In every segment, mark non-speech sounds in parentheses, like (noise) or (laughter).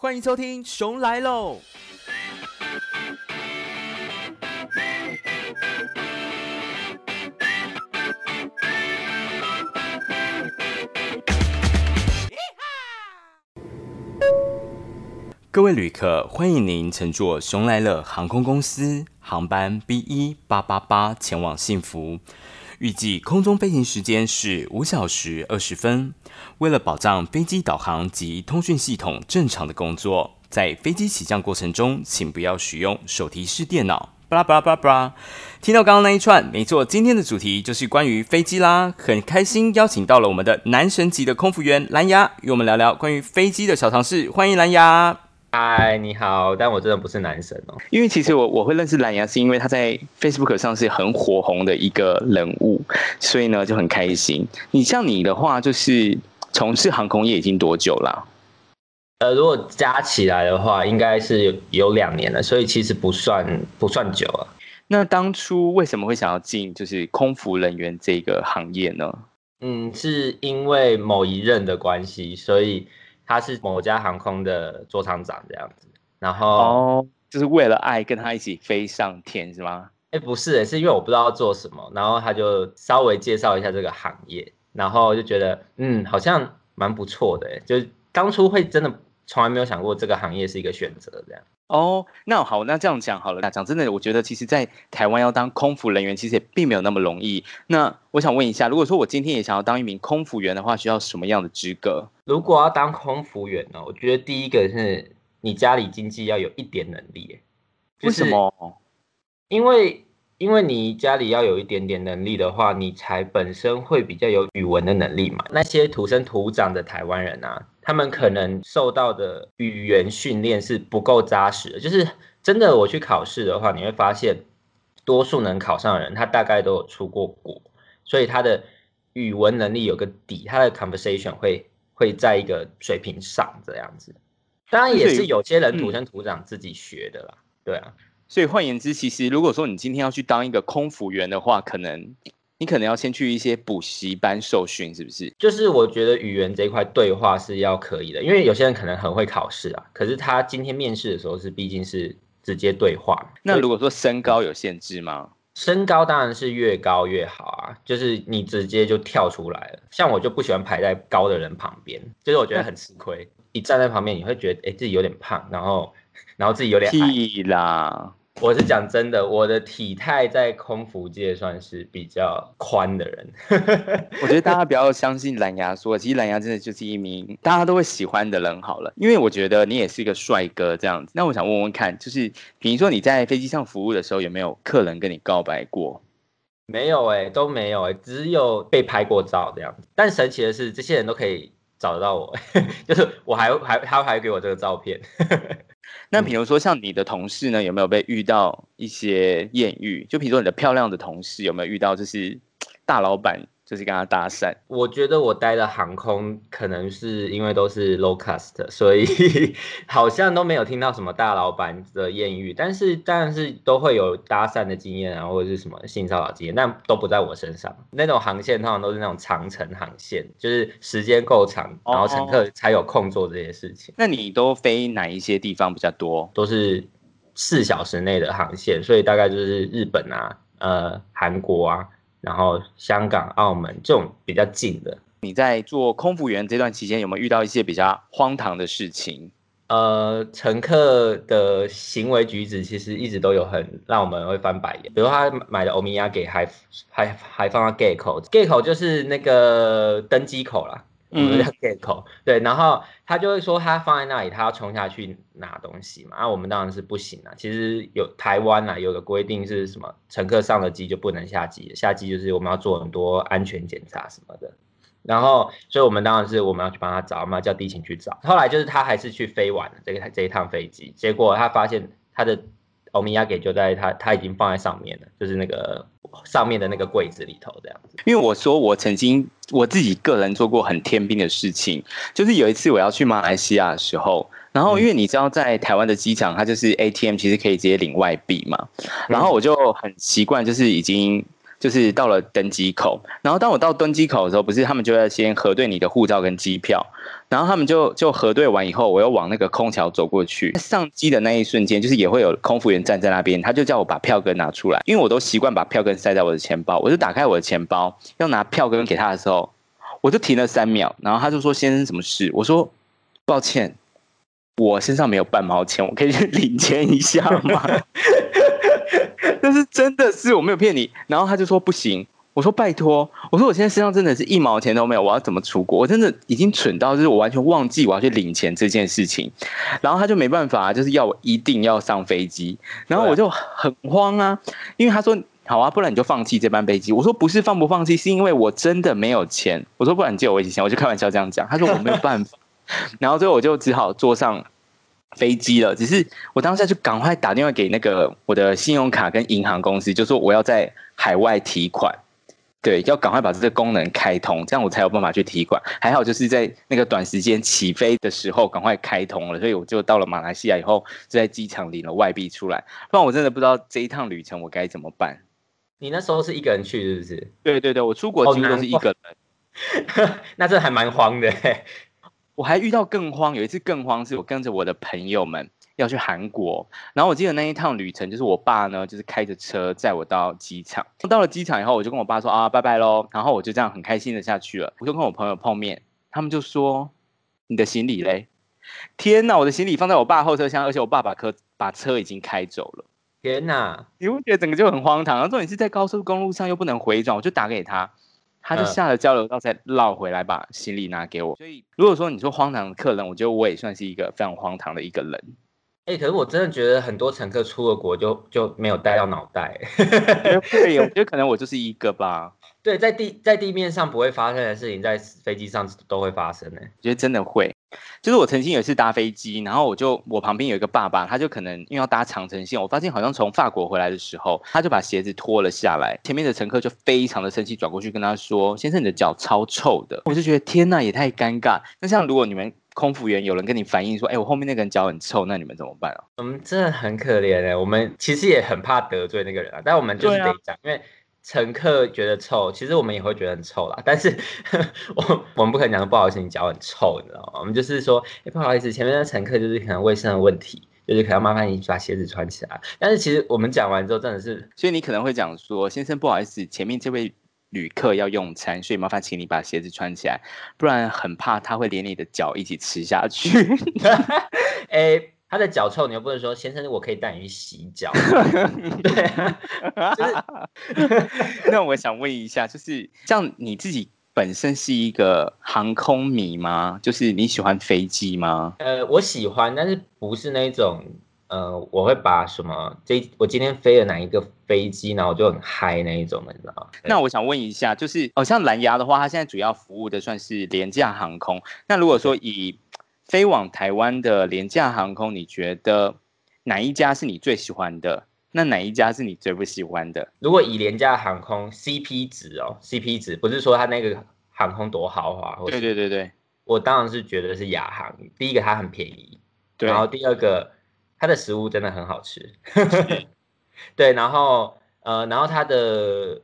歡迎收聽《熊來嘍》哈。各位旅客，歡迎您乘坐熊來了航空公司航班 B 一八八八前往幸福。預計空中飛行時間是五小時二十分。為了保障飛機導航及通訊系統正常的工作，在飛機起降過程中，請不要使用手提式電腦。叭拉叭拉，聽到剛剛那一串，沒錯，今天的主題就是關於飛機啦。很開心邀請到了我們的男神級的空服員藍牙，與我們聊聊關於飛機的小常識。歡迎藍牙。嗨，Hi, 你好！但我真的不是男神哦。因為其實我我會認識藍牙，是因為他在 Facebook 上是很火紅的一個人物，所以呢就很開心。你像你的話，就是從事航空業已經多久了啊？呃，如果加起來的話，應該是有兩年了，所以其實不算不算久了。那當初為什麼會想要進就是空服人員這個行業呢？嗯，是因為某一任的關係，所以。他是某家航空的座艙長這樣子，然後，哦，就是為了愛跟他一起飛上天是嗎？哎，欸，不是，欸，是因為我不知道要做什麼，然後他就稍微介紹一下這個行業，然後就覺得嗯，好像蠻不錯的，欸，就當初會真的。從來沒有想過這個行業是一個選擇這樣哦，oh, 那好，那這樣講好了。那講真的，我覺得其實在台灣要當空服人員，其實也並沒有那麼容易。那我想問一下，如果說我今天也想要當一名空服員的話，需要什麼樣的資格？如果要當空服員呢，我覺得第一個是你家裡經濟要有一點能力。為什麼？因為。因為你家裡要有一點點能力的話，你才本身會比較有語文的能力嘛。那些土生土長的台灣人啊，他們可能受到的語言訓練是不夠紮實的。就是真的，我去考試的話，你會發現，多數能考上的人，他大概都有出過國，所以他的語文能力有個底，他的 conversation 會會在一個水平上這樣子。當然，也是有些人土生土長自己學的啦。嗯、對啊。所以換言之，其實如果說你今天要去當一個空服員的話，可能你可能要先去一些補習班受訓，是不是？就是我覺得語言這一塊對話是要可以的，因為有些人可能很會考試啊，可是他今天面試的時候是畢竟是直接對話。所以，那如果說身高有限制嗎？嗯，身高當然是越高越好啊，就是你直接就跳出來了。像我就不喜歡排在高的人旁邊，就是我覺得很吃虧。嗯、你站在旁邊，你會覺得哎、欸、自己有點胖，然後然後自己有點氣啦。我是講真的，我的體態在空服界算是比較寬的人。 (laughs) 我覺得大家不要相信藍牙說，其實藍牙真的就是一名大家都會喜歡的人好了。因為我覺得你也是一個帥哥這樣子。那我想問問看，就是比如說你在飛機上服務的時候，有沒有客人跟你告白過？沒有哎、欸，都沒有哎、欸，只有被拍過照這樣子。但神奇的是，這些人都可以，找得到我， (laughs) 就是我還還他還給我這個照片。 (laughs) 那比如說像你的同事呢，有沒有被遇到一些豔遇？就比如說你的漂亮的同事有沒有遇到，就是大老闆？就是跟他搭訕，我覺得我待的航空可能是因為都是 low cost，所以 (laughs) 好像都沒有聽到什麼大老板的艷遇，但是但是都會有搭訕的經驗，啊，然後或者是什麼性騷擾經驗，但都不在我身上。那種航線通常都是那種長程航線，就是時間夠長，然後乘客才有空做這些事情。Oh, oh. 那你都飛哪一些地方比較多？都是四小時內的航線，所以大概就是日本啊，呃，韓國啊。然後香港、澳門這種比較近的。你在做空服員這段期間有沒有遇到一些比較荒唐的事情？呃，乘客的行為舉止其實一直都有很讓我們會翻白眼，比如他買，買的歐米亞給還還還放到 gate 口，gate 口就是那個登機口啦。嗯，嗯對，然後他就會說他放在那裡，他要衝下去拿東西嘛。那、啊、我們當然是不行了。其實有台灣啊，有個規定是什麼？乘客上了機就不能下機，下機就是我們要做很多安全檢查什麼的。然後，所以我們當然是我們要去幫他找嘛，叫地勤去找。後來就是他還是去飛完了這個這一趟飛機，結果他發現他的おみやげ就在他他已經放在上面了，就是那個。上面的那個櫃子裡頭這樣子，因為我說我曾經我自己個人做過很天兵的事情，就是有一次我要去馬來西亞的時候，然後因為你知道在台灣的機場它就是 ATM 其實可以直接領外幣嘛，然後我就很習慣就是已經。就是到了登機口，然後當我到登機口的時候，不是他們就要先核對你的護照跟機票，然後他們就就核對完以後，我又往那個空橋走過去。上機的那一瞬間，就是也會有空服員站在那邊，他就叫我把票根拿出來，因為我都習慣把票根塞在我的錢包。我就打開我的錢包，要拿票根給他的時候，我就停了三秒，然後他就說：“先生，什麼事？”我說：“抱歉，我身上沒有半毛錢，我可以去領錢一下嗎？” (laughs) (laughs) 但是真的是我沒有騙你，然後他就說不行。我說拜託，我說我現在身上真的是一毛錢都沒有，我要怎麼出國？我真的已經蠢到就是我完全忘記我要去領錢這件事情。然後他就沒辦法，就是要我一定要上飛機。然後我就很慌啊，因為他說好啊，不然你就放棄這班飛機。我說不是放不放棄，是因為我真的沒有錢。我說不然你借我一些錢，我就開玩笑這樣講。他說我沒有辦法，然後最後我就只好坐上。飛機了，只是我當下就趕快打電話給那個我的信用卡跟銀行公司，就說我要在海外提款，對，要趕快把這個功能開通，這樣我才有辦法去提款。還好就是在那個短時間起飛的時候趕快開通了，所以我就到了馬來西亞以後就在機場領了外幣出來。不然我真的不知道這一趟旅程我該怎麼辦。你那時候是一個人去是不是？對對對，我出國幾乎都是一個人，哦、 (laughs) 那這還蠻慌的。我還遇到更慌，有一次更慌，是我跟着我的朋友們要去韓國，然後我記得那一趟旅程，就是我爸呢，就是開着車載我到機場。到了機場以後，我就跟我爸說啊，拜拜嘍，然後我就這樣很開心的下去了。我就跟我朋友碰面，他們就說你的行李嘞？天哪，我的行李放在我爸後車廂，而且我爸把車把車已經開走了。天哪，你會覺得整個就很荒唐。然後重點是在高速公路上又不能回轉，我就打給他。他就下了交流道，再繞回來把行李拿給我。所以，如果說你說荒唐的客人，我覺得我也算是一個非常荒唐的一個人。哎、欸，可是我真的覺得很多乘客出了國就就沒有帶到腦袋。 (laughs) 對呀，我覺得可能我就是一個吧。對，在地在地面上不會發生的事情，在飛機上都會發生呢。我覺得真的會。就是我曾經有一次搭飛機，然後我就我旁邊有一個爸爸，他就可能因為要搭長程線，我發現好像從法國回來的時候，他就把鞋子脫了下來，前面的乘客就非常的生氣，轉過去跟他說：“先生，你的腳超臭的。”我就覺得天吶，也太尷尬。那像如果你們空服員有人跟你反映說：“哎、欸，我後面那個人腳很臭”，那你們怎麼辦啊？我們、嗯、真的很可憐，哎、欸，我們其實也很怕得罪那個人啊，但我們就是得講，啊、因為。乘客覺得臭，其實我們也會覺得很臭啦。但是，我我們不可能講說不好意思，你腳很臭，你知道嗎？我們就是說，欸，不好意思，前面的乘客就是可能衛生的問題，就是可能麻煩你把鞋子穿起來。但是其實我們講完之後，真的是，所以你可能會講說，先生，不好意思，前面這位旅客要用餐，所以麻煩請你把鞋子穿起來，不然很怕他會連你的腳一起吃下去。 (laughs) (laughs) 欸他的腳臭，你又不能說，先生，我可以帶你去洗腳。那我想問一下，就是這樣，你自己本身是一個航空迷嗎？就是你喜歡飛機嗎呃，我喜歡，但是不是那種呃，我會把什麼這我今天飛了哪一個飛機，然後我就很嗨那一種的，你知道嗎？那我想問一下，就是好、哦、像藍牙的話，它現在主要服務的算是廉價航空。那如果說以飛往台灣的廉價航空，你覺得哪一家是你最喜歡的？那哪一家是你最不喜歡的？如果以廉價航空 CP 值哦？CP 值不是說它那個航空多豪華，對對對對。我當然是覺得是亞航，第一個它很便宜，對。然後第二個，它的食物真的很好吃， (laughs) 是對。然後呃，然後它的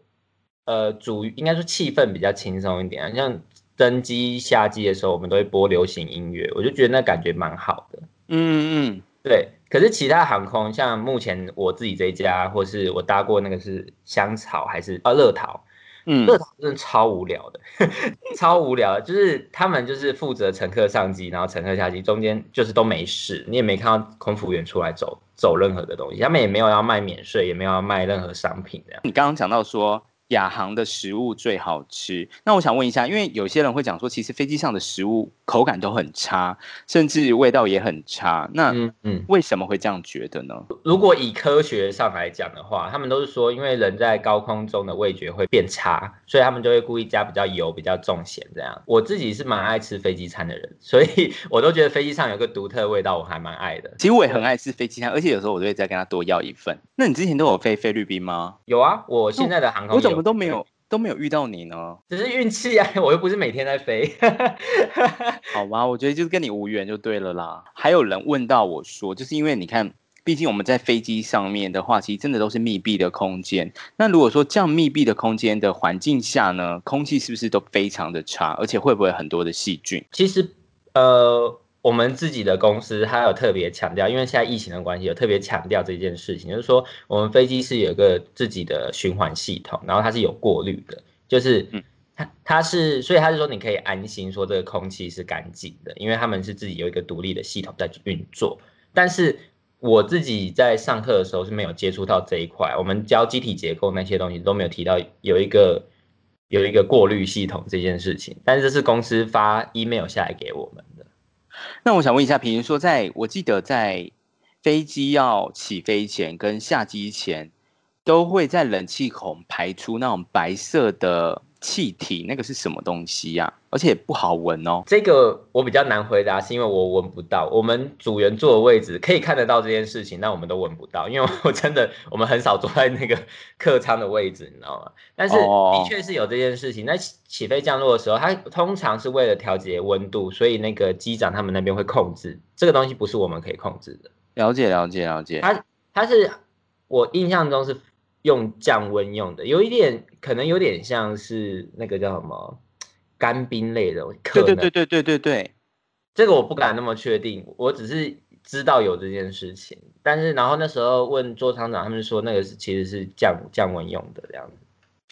呃，主應該說氣氛比較輕鬆一點，像。登機下機的時候，我們都會播流行音樂，我就覺得那感覺蠻好的。嗯嗯，對。可是其他航空，像目前我自己這一家，或是我搭過那個是香草還是啊樂桃？樂桃、嗯嗯、真的超無聊的，呵呵超無聊。就是他們就是負責乘客上機，然後乘客下機，中間就是都沒事，你也沒看到空服員出來走走任何的東西，他們也沒有要賣免稅，也沒有要賣任何商品的。你剛剛講到說。亞航的食物最好吃。那我想問一下，因為有些人會講說，其實飛機上的食物口感都很差，甚至味道也很差。那嗯，為什麼會這樣覺得呢？嗯嗯、如果以科學上來講的話，他們都是說，因為人在高空中的味覺會變差，所以他們就會故意加比較油、比較重鹹這樣。我自己是蠻愛吃飛機餐的人，所以我都覺得飛機上有個獨特的味道，我還蠻愛的。其實我也很愛吃飛機餐，而且有時候我都會再跟他多要一份。那你之前都有飛菲律賓嗎？有啊，我現在的航空、嗯。我們都沒有對都沒有遇到你呢，只是運氣啊！我又不是每天在飛， (laughs) 好吧？我覺得就是跟你無緣就對了啦。還有人問到我說，就是因為你看，畢竟我們在飛機上面的話，其實真的都是密閉的空間。那如果說這樣密閉的空間的環境下呢，空氣是不是都非常的差？而且會不會很多的細菌？其實，呃。我們自己的公司，它有特別強調，因為現在疫情的關係，有特別強調這件事情，就是說我們飛機是有個自己的循環系統，然後它是有過濾的，就是它它是，所以他是說你可以安心說這個空氣是乾淨的，因為他們是自己有一個獨立的系統在運作。但是我自己在上課的時候是沒有接觸到這一塊，我們教機體結構那些東西都沒有提到有一個有一個過濾系統這件事情，但是這是公司發 email 下來給我們的。那我想問一下，譬如說在，在我記得在飛機要起飛前跟下機前，都會在冷氣孔排出那種白色的氣體那個是什麼東西呀？啊？而且也不好聞哦。這個我比較難回答，是因為我聞不到。我們組員坐的位置可以看得到這件事情，但我們都聞不到，因為我真的我們很少坐在那個客艙的位置，你知道嗎？但是的確是有這件事情。哦，在起飛降落的時候，它通常是為了調節溫度，所以那個機長他們那邊會控制這個東西，不是我們可以控制的。了解、了解、了解。它，它是我印象中是。用降溫用的，有一點可能有點像是那個叫什麼乾冰類的。對對對對對對，這個我不敢那麼確定，我只是知道有這件事情。但是然後那時候問座艙長，他們說那個是其實是降降溫用的這樣子。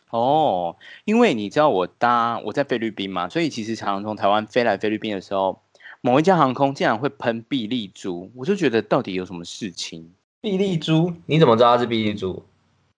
哦，因為你知道我搭我在菲律賓嘛，所以其實常常從台灣飛來菲律賓的時候，某一家航空竟然會噴碧麗珠，我就覺得到底有什麼事情？碧麗珠？你怎麼知道它是碧麗珠？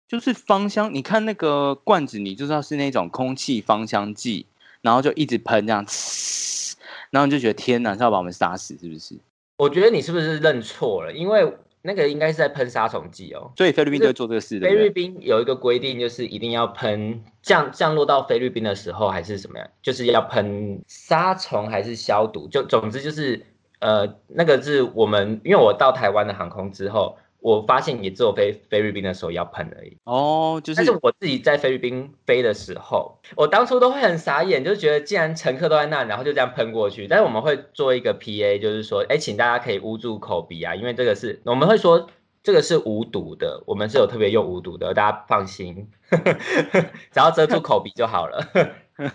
就是芳香，你看那個罐子，你就知道是那種空氣芳香劑，然後就一直噴這樣，然後你就覺得天哪，是要把我們殺死，是不是？我覺得你是不是認錯了？因為那個應該是在噴殺蟲劑哦。所以菲律賓就做這個事。可是，對不對？菲律賓有一個規定，就是一定要噴降降落到菲律賓的時候還是什麼呀，就是要噴殺蟲還是消毒？就總之就是呃，那個是我們，因為我到台灣的航空之後。我發現你坐飛菲律賓的時候要噴而已哦，oh, 就是。但是我自己在菲律賓飛的時候，我當初都會很傻眼，就覺得既然乘客都在那，然後就這樣噴過去。但是我們會做一個 PA，就是說，哎、欸，請大家可以捂住口鼻啊，因為這個是，我們會說這個是無毒的，我們是有特別用無毒的，大家放心呵呵，只要遮住口鼻就好了。 (laughs)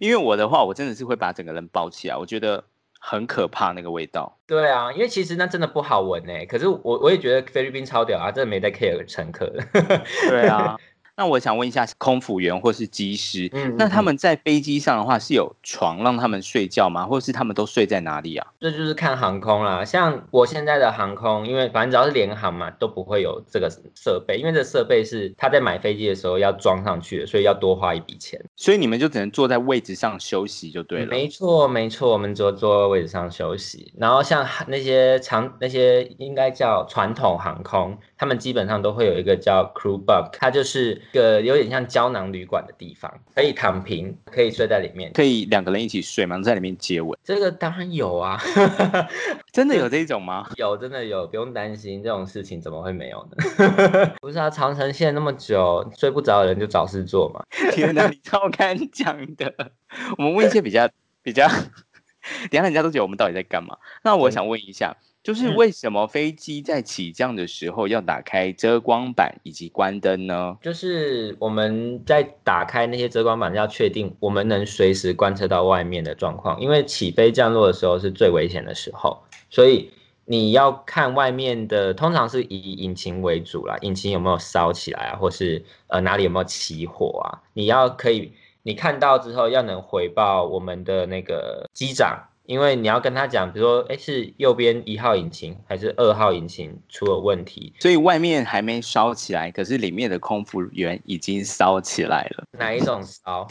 因為我的話，我真的是會把整個人抱起來，我覺得。很可怕那個味道，對啊，因為其實那真的不好聞呢、欸。可是我我也覺得菲律賓超屌啊，真的沒在 care 乘客， (laughs) 對啊。那我想問一下，空服員或是機師，嗯嗯嗯，那他們在飛機上的話是有床讓他們睡覺嗎？或是他們都睡在哪裡啊？這就是看航空啦。像我現在的航空，因為反正只要是廉航嘛，都不會有這個設備，因為這設備是他在買飛機的時候要裝上去的，所以要多花一筆錢。所以你們就只能坐在位置上休息就對了。沒錯，沒錯，我們只坐在位置上休息。然後像那些長那些應該叫傳統航空，他們基本上都會有一個叫 crew bunk，它就是。一個有點像膠囊旅館的地方，可以躺平，可以睡在裡面，可以兩個人一起睡嘛，在裡面接吻，這個當然有啊， (laughs) 真的有這種嗎？ (laughs) 有，真的有，不用擔心這種事情，怎麼會沒有呢？ (laughs) 不是啊，長程線那麼久，睡不着的人就找事做嘛。天哪，你超敢講的。 (laughs) 我們問一些比較比較，等下人家都覺得我們到底在幹嘛？那我想問一下。嗯就是為什麼飛機在起降的時候要打開遮光板以及關燈呢？嗯，就是我們在打開那些遮光板，要確定我們能隨時觀測到外面的狀況，因為起飛降落的時候是最危險的時候，所以你要看外面的，通常是以引擎為主啦，引擎有沒有燒起來啊，或是呃哪裡有沒有起火啊？你要可以，你看到之後要能回報我們的那個機長。因為你要跟他講，比如說，欸，是右邊一號引擎還是二號引擎出了問題？所以外面還沒燒起來，可是裡面的空服員已經燒起來了。哪一種燒？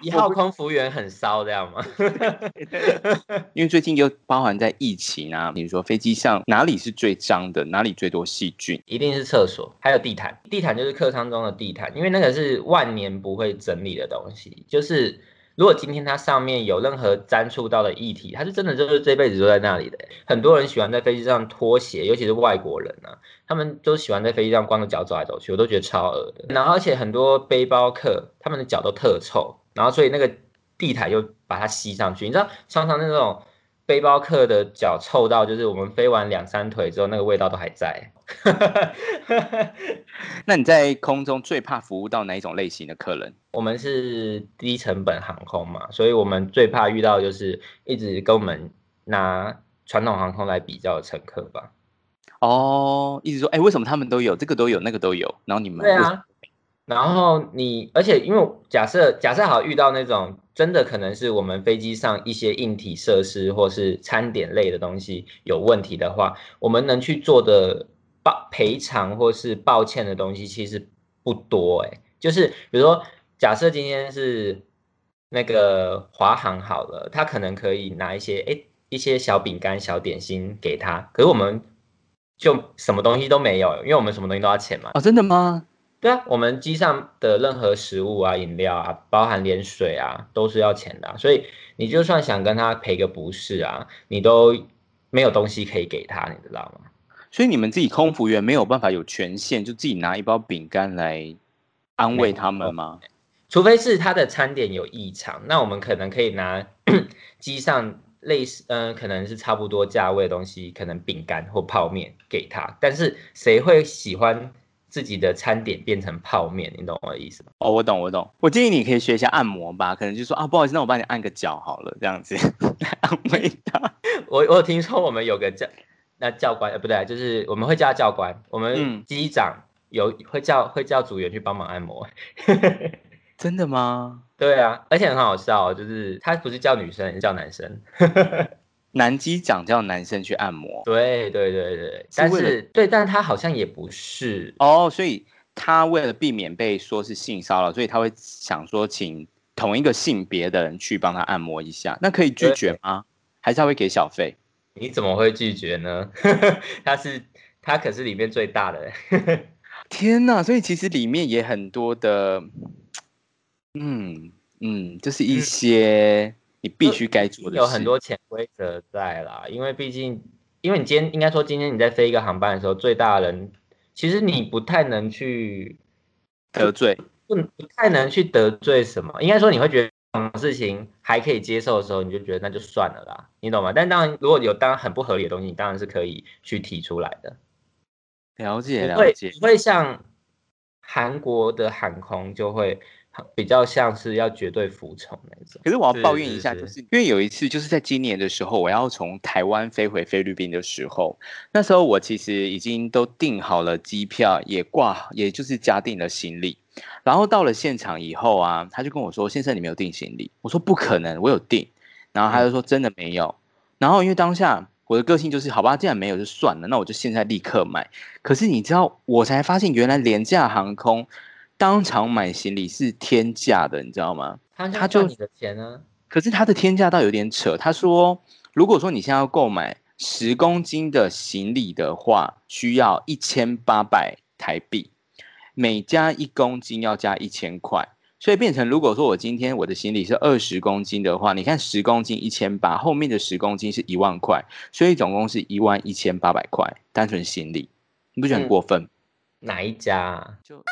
一號空服員很燒這樣嗎？ (laughs) (laughs) 因為最近又包含在疫情啊。比如說飛機上哪裡是最髒的？哪裡最多細菌？一定是廁所，還有地毯。地毯就是客艙中的地毯，因為那個是萬年不會整理的東西，就是。如果今天它上面有任何粘觸到的液體，它是真的就是這輩子都在那裡的、欸。很多人喜歡在飛機上脫鞋，尤其是外國人啊，他們都喜歡在飛機上光着腳走來走去，我都覺得超惡的。然後而且很多背包客他們的腳都特臭，然後所以那個地毯就把它吸上去，你知道，常常那種。背包客的腳臭到，就是我們飛完兩三腿之後，那個味道都還在。 (laughs) 那你在空中最怕服務到哪一種類型的客人？我們是低成本航空嘛，所以我們最怕遇到就是一直跟我們拿傳統航空來比較的乘客吧。哦，一直說，哎、欸，為什麼他們都有？這個都有，那個都有，然後你們對啊。然後你，而且因為假設假設好，遇到那種真的可能是我們飛機上一些硬體設施或是餐點類的東西有問題的話，我們能去做的報賠償或是抱歉的東西其實不多欸，就是比如說，假設今天是那個華航好了，他可能可以拿一些誒一些小餅乾、小點心給他，可是我們就什麼東西都沒有，因為我們什麼東西都要錢嘛。哦，真的嗎？對啊，我們機上的任何食物啊、飲料啊，包含連水啊，都是要錢的啊。所以你就算想跟他賠個不是啊，你都沒有東西可以給他，你知道嗎？所以你們自己空服員沒有辦法有權限，就自己拿一包餅乾來安慰他們嗎？除非是他的餐點有異常，那我們可能可以拿 (coughs) 機上類似，嗯、呃，可能是差不多價位的東西，可能餅乾或泡麵給他。但是誰會喜歡？自己的餐點變成泡麵，你懂我的意思嗎？哦，oh, 我懂，我懂。我建議你可以學一下按摩吧，可能就說啊，不好意思，那我幫你按個腳好了，這樣子，安慰他。我我聽說我們有個教，那教官呃不對，就是我們會叫教官，我們機長有會叫會叫組員去幫忙按摩。 (laughs) 真的嗎？對啊，而且很好笑，就是他不是叫女生，是叫男生。 (laughs) 男機長叫男生去按摩，對對對對，是但是對，但他好像也不是哦，所以他為了避免被說是性騷擾，所以他會想說請同一個性別的人去幫他按摩一下。那可以拒絕嗎？對還是他會給小費？你怎麼會拒絕呢？ (laughs) 他是他可是裡面最大的人， (laughs) 天哪、啊！所以其實裡面也很多的，嗯嗯，就是一些。嗯你必須該做的事有很多潛規則在啦，因為畢竟，因為你今天應該說今天你在飛一個航班的時候，最大的人其實你不太能去得罪，不不太能去得罪什麼。應該說你會覺得事情還可以接受的時候，你就覺得那就算了啦，你懂嗎？但當然，如果有當很不合理的東西，你當然是可以去提出來的。了解，了解，不會，不會像韓國的航空就會。比較像是要絕對服從那種，可是我要抱怨一下，就是因為有一次，就是在今年的時候，我要從台灣飛回菲律賓的時候，那時候我其實已經都訂好了機票，也掛，也就是加訂了行李，然後到了現場以後啊，他就跟我說：“先生，你沒有訂行李。”我說：“不可能，我有訂。”然後他就說：“真的沒有。”然後因為當下我的個性就是好吧，既然沒有就算了，那我就現在立刻買。可是你知道，我才發現原來廉價航空。當場買行李是天價的，你知道嗎？他就你的錢呢、啊？可是他的天價倒有點扯。他說，如果說你現在要購買十公斤的行李的話，需要一千八百台幣，每加一公斤要加一千塊。所以變成，如果說我今天我的行李是二十公斤的話，你看十公斤一千八，後面的十公斤是一萬塊，所以總共是一萬一千八百塊。單純行李，你不覺得很過分？嗯、哪一家、啊？就。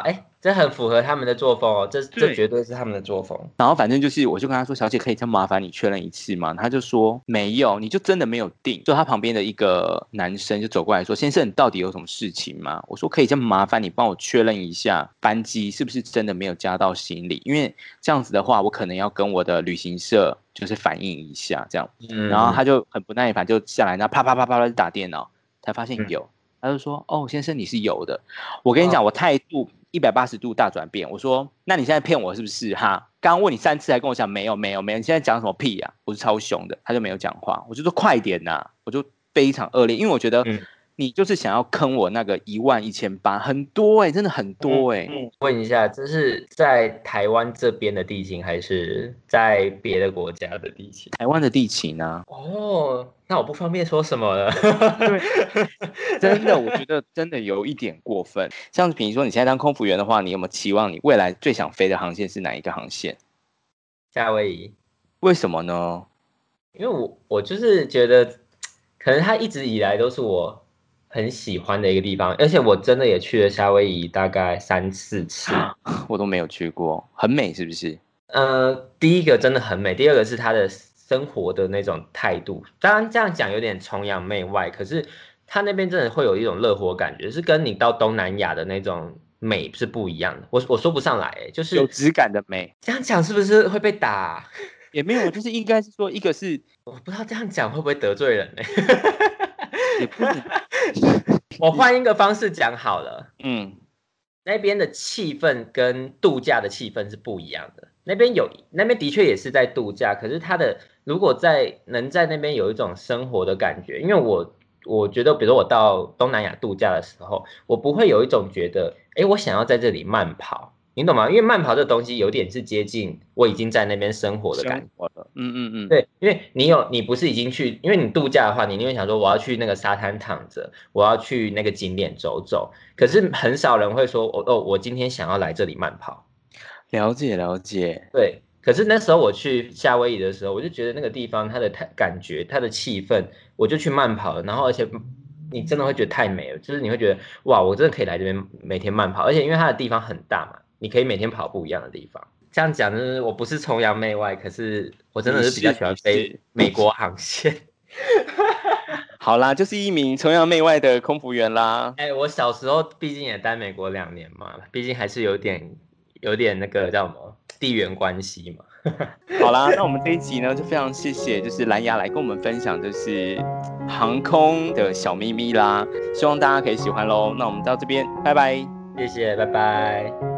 哎、欸，這很符合他們的作風哦，這對這絕對是他們的作風。然後反正就是，我就跟他說：“小姐，可以再麻煩你確認一次嗎？”他就說：“沒有，你就真的沒有定。”就他旁邊的一個男生就走過來說：“先生，你到底有什麼事情嗎？”我說：“可以這麼麻煩你幫我確認一下，班機是不是真的沒有加到行李？因為這樣子的話，我可能要跟我的旅行社就是反映一下，這樣。嗯”然後他就很不耐煩，就下來，然後啪啪啪啪啪打電腦，才發現有，嗯、他就說：“哦，先生，你是有的。”我跟你講，哇我態度。一百八十度大轉變，我說，那你現在騙我是不是？哈，剛剛問你三次，還跟我講沒有沒有沒有，你現在講什麼屁呀、啊？我是超凶的，他就沒有講話，我就說快點吶、啊，我就非常惡劣，因為我覺得。嗯你就是想要坑我那個一萬一千八，很多哎、欸，真的很多哎、欸。問一下，這是在台灣這邊的地形，還是在別的國家的地形？台灣的地形呢？哦，oh, 那我不方便說什麼了。 (laughs) (laughs) 真的，我覺得真的有一點過分。像是比如說，你現在當空服員的話，你有沒有期望你未來最想飛的航線是哪一個航線？夏威夷。為什麼呢？因為我我就是覺得，可能他一直以來都是我。很喜歡的一個地方，而且我真的也去了夏威夷大概三四次，啊、我都沒有去過，很美是不是？呃，第一個真的很美，第二個是他的生活的那種態度。當然這樣講有點崇洋媚外，可是他那邊真的會有一種樂活感覺，是跟你到東南亞的那種美是不一樣的。我我說不上來、欸，就是有質感的美。這樣講是不是會被打？ (laughs) 也沒有，就是應該是說，一個是我不知道這樣講會不會得罪人呢、欸。 (laughs) (laughs) 是 (laughs) (laughs) 我換一個方式講好了，嗯，那邊的氣氛跟度假的氣氛是不一樣的。那邊有，那邊的確也是在度假，可是他的如果在能在那邊有一種生活的感覺，因為我我覺得，比如我到東南亞度假的時候，我不會有一種覺得，欸，我想要在這裡慢跑。你懂嗎？因為慢跑這東西有點是接近我已經在那邊生活的感覺了，了。嗯嗯嗯，對，因為你有你不是已經去，因為你度假的話，你因為想說我要去那個沙灘躺着，我要去那個景點走走，可是很少人會說，哦哦，我今天想要來這裡慢跑。了解了解，了解對。可是那時候我去夏威夷的時候，我就覺得那個地方它的太感覺它的氣氛，我就去慢跑了，然後而且你真的會覺得太美了，就是你會覺得哇，我真的可以來這邊每天慢跑，而且因為它的地方很大嘛。你可以每天跑步，不一樣的地方。這樣講就是我不是崇洋媚外，可是我真的是比較喜歡飛美國航線。 (laughs) 好啦，就是一名崇洋媚外的空服員啦。欸、我小時候畢竟也待美國兩年嘛，畢竟還是有點有點那個叫什麼地緣關係嘛。 (laughs) 好啦，那我們這一集呢，就非常謝謝就是藍牙來跟我們分享就是航空的小秘密啦，希望大家可以喜歡嘍。那我們到這邊，拜拜，謝謝，拜拜。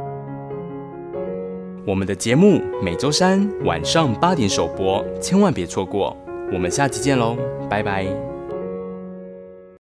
我們的節目每周三晚上八點首播，千萬別錯過！我們下期見嘍，拜拜。